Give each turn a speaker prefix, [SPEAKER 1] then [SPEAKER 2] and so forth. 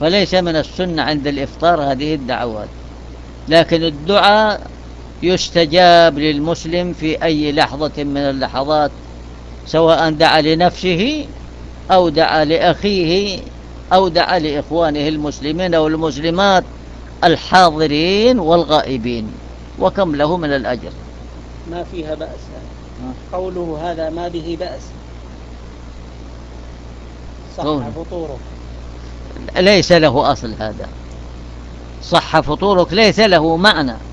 [SPEAKER 1] فليس من السنة عند الإفطار هذه الدعوات لكن الدعاء يستجاب للمسلم في أي لحظة من اللحظات سواء دعا لنفسه أو دعا لأخيه أو دعا لإخوانه المسلمين أو المسلمات الحاضرين والغائبين وكم له من الأجر
[SPEAKER 2] ما فيها بأس قوله هذا ما به بأس صح فطوره
[SPEAKER 1] ليس له أصل هذا صح فطورك ليس له معنى